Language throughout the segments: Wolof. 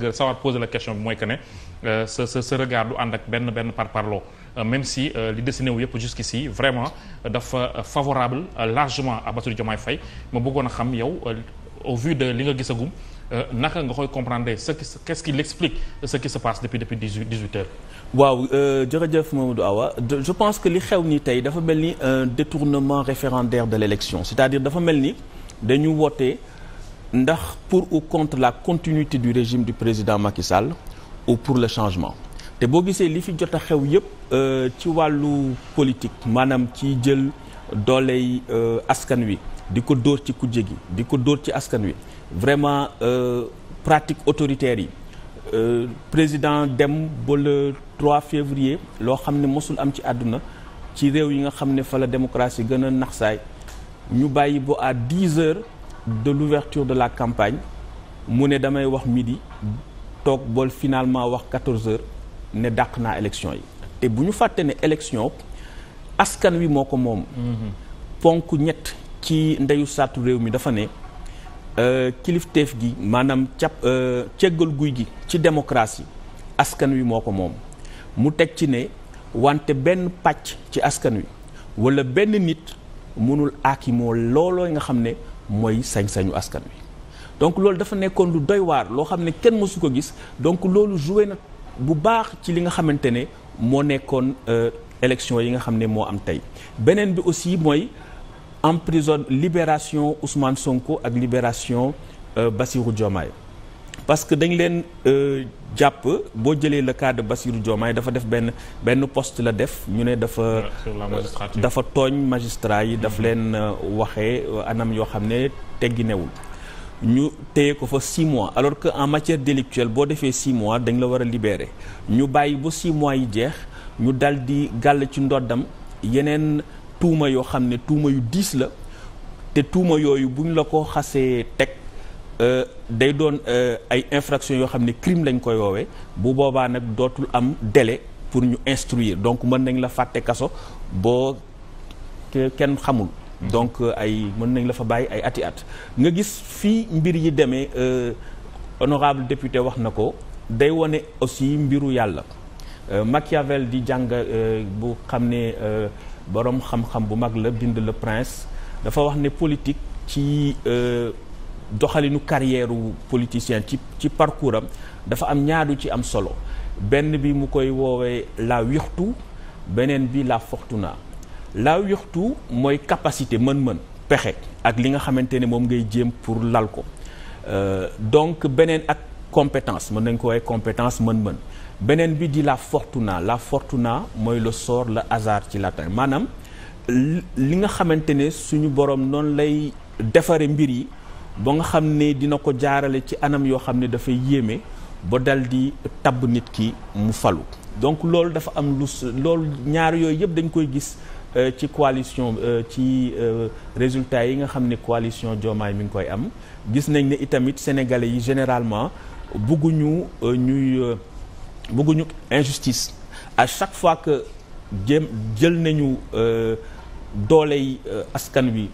nga sawar poser la question bi mooy que ne sa sa sa regard du ànd ak benn benn par parloo euh, même si euh, li dessiné wu yëpp jusqu'ici vraiment euh, dafa favorable largement à Bassirou Diomaye Faye ma bëggoon a xam yow au vu de li nga gisagum naka nga koy comprendre ce qui qu'est-ce qui l'explique ce qui se passe depuis depuis dix-huit heures waaw jërëjëf Mamadou Awa je pense que li xew ni tey dafa mel ni un détournement référendaire de l'élection c'est-à-dire dafa mel ni dañu ndax pour ou contre la continuité du régime du président Macky Sall ou pour le changement te boo gisee li fi jot a xew yépp euh, ci wàllu politique maanaam ci jël dooley euh, askan wi di ko dóor ci kujje gi di ko dóor ci askan wi vraiment euh, pratique autoritaire yi président dem ba le 3 février loo xam ne mosul am ci àdduna ci réew yi nga xam ne fa la démocratie gën a saay ñu bàyyi ba à 10 heures de l'ouverture de la campagne mu ne damay wax midi toog bool finalement wax 14 heures ne dàq naa élection yi te bu ñu fàtte ne élection askan wi moo ko moom mhm. ponk ñett ci ndeyu saatu réew mi dafa ne euh, kilifteef gi maanaam cap euh, ceggal guy gi ci démocratie askan wi moo ko moom mu teg ci ne wante benn pàcc ci askan wi walla benn nit mënul aakimoo looloo nga xam ne mooy sañ-sañu askan wi donc loolu dafa nekkoon lu doy waar loo xam ne kenn mosu ko gis donc loolu joué na bu baax ci li nga xamante ne moo nekkoon euh, élection yi nga xam ne moo am tey beneen bi aussi mooy en emprisonnement libération Ousmane Sonko ak libération euh, Bassirou Diomaye parce que dañ leen euh, jàpp boo jëlee la cas de Bassirou dafa def benn benn poste la def ñu ne dafa dafa tooñ magistrat yi daf mm-hmm. leen euh, waxee euh, anam yoo xam ne tegginewul ñu téye ko fa six mois alors que en matière délictuelle boo defee six mois dañ la war a libérer ñu bàyyi ba six mois yi jeex ñu dal di gàll ci ndoddam yeneen tuuma yoo xam ne tuuma yu diis la te tuuma yooyu buñ la ko xasee teg Euh, day doon euh, ay infractions yoo xam ne crime lañ koy woowee bu boobaa nag dootul am délé pour ñu instruire donc mën nañ la fàtte kaso boo kenn xamul donc euh, ay mën nañ la fa bàyyi ay ati at nga gis fii mbir yi demee honorable député wax na ko day wone aussi mbiru yàlla Machiavel di jàng bu xam ne boroom xam-xam bu mag la bind le prince dafa wax ne politique ci doxalinu carrière politicien ci ci parcours dafa am ñaadu ci am solo benn bi mu koy woowee la wirtu beneen bi la fortuna la wirtu mooy capacité mën-mën pexe ak li nga xamante ne moom ngay jéem pour lal ko euh, donc beneen ak compétence mën nañ ko woowee compétence mën-mën beneen bi di la fortuna la fortuna mooy le sort le hasard ci latin maanaam li nga xamante ne suñu borom noonu lay defaree mbir yi ba nga xam ne dina ko jaarale ci anam yoo xam ne dafay yéeme ba dal di tab nit ki mu falu donc loolu dafa am lu loolu ñaar yooyu yëpp dañ koy gis euh, ci coalition euh, ci euh, résultats yi nga xam ne coalition Diomaye mi ngi koy am gis nañ ne itamit sénégalais yi généralement bëgguñu ñuy bëgguñu injustice à chaque fois que jëm jël nañu dooley askan wi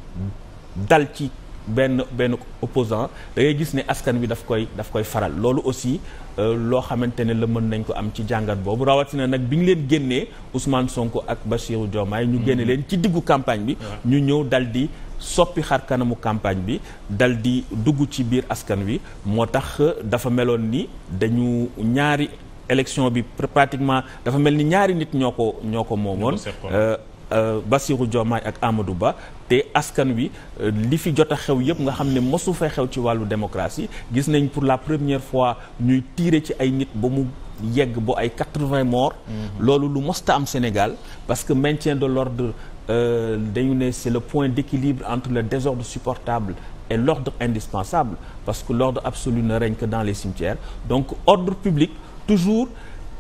dal ci benn benn opposant da ngay gis ne askan wi daf koy daf koy faral loolu aussi euh, loo xamante ne la mën nañ ko am ci jàngat boobu rawatina nag bi ñu leen génnee Ousmane Sonko ak Bassirou Diomaye ñu mm-hmm. génne leen ci diggu campagne bi ñu ñëw dal di soppi xar kanamu campagne bi dal di dugg ci biir askan wi moo tax dafa meloon ni dañu ñaari élection bi pratiquement dafa mel ni ñaari nit ñoo ko ñoo ko moomoon Euh, Bassirou Diomaye ak Amadou Ba te askan wi euh, li fi jot a xew yëpp nga xam ne mosu fee xew ci wàllu démocratie gis nañ pour la première fois ñuy tiire ci ay nit ba mu yegg ba ay quatre-vingts morts. Mhm. loolu lu mosta am Sénégal parce que maintien de l'ordre euh, dañu ne c'est le point d'équilibre entre le désordre supportable et l'ordre indispensable parce que l'ordre absolu ne règne dans les cimetières donc ordre public toujours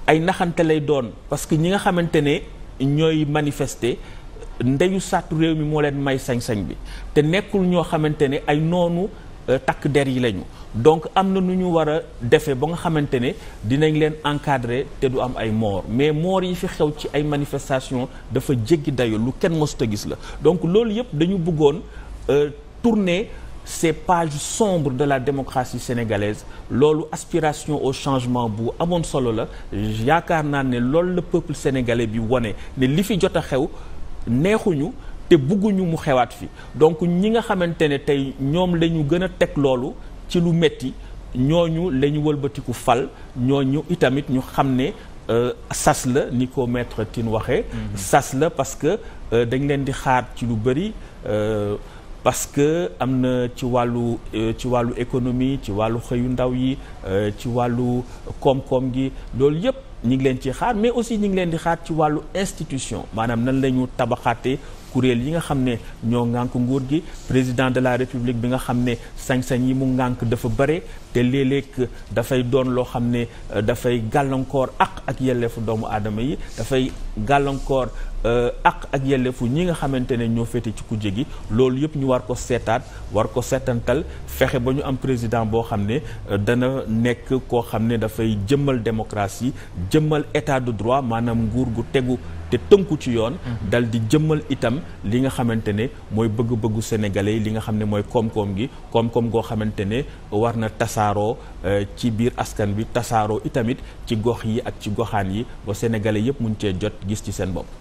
ay naxante lay doon parce que ñi nga xamante ne. ñooy manifester ndeyu sàttu réew mi moo leen may sañ-sañ bi te nekkul ñoo xamante ne ay noonu euh, takk der yi lañu donc am na nu ñu war a defee ba nga xamante ne dinañ leen encadrer te du am ay moor mais moor yi fi xew ci ay manifestation dafa jéggi dayo lu kenn mësuta gis la donc loolu yëpp dañu bëggoon euh, tourner ces pages sombre de la démocratie sénégalaise loolu aspiration au changement bu amoon solo la yaakaar naa ne loolu la peuple sénégalais bi wone ne li fi jot a xew neexuñu te bëgguñu mu xewaat fi donc ñi nga xamante ne tey ñoom la ñu gën a teg loolu ci lu metti ñooñu la ñu wëlbatiku fal ñooñu itamit ñu xam ne euh, sas la ni ko maître Tine waxee. Mm-hmm. sas la parce que euh, dañ leen di xaar ci lu bëri. Euh, parce que am na ci wàllu euh, ci wàllu économie ci wàllu xëyu ndaw yi euh, ci wàllu koom-koom gi loolu yëpp ñu ngi leen ci xaar mais aussi ñu ngi leen di xaar ci wàllu institution maanaam nan la ñu tabaxaatee kuréel yi nga xam ne ñoo ŋànk nguur gi président de la république bi nga xam ne sañ-sañ yi mu ngànk dafa bare te léeg-léeg dafay doon loo xam ne euh, dafay gàllankoor ak ak yelleefu doomu aadama yi dafay gàllankoor ak euh, ak yelleefu ñi nga xamante ne ñoo féete ci kujje gi loolu yëpp ñu war ko seetaat war ko seetantal fexe ba ñu am président boo xam ne euh, dana nekk koo xam ne dafay jëmmal démocratie jëmmal état de droit maanaam nguur gu tegu te tënku ci yoon mm-hmm. dal di jëmmal itam li nga xamante ne mooy bëgg-bëggu sénégalais li nga xam ne mooy koom-koom gi koom-koom goo xamante ne war na tasaaroo euh, ci biir askan bi tasaaroo itamit ci gox yi ak ci goxaan yi ba sénégalais yëpp mun cee jot gis ci seen bopp.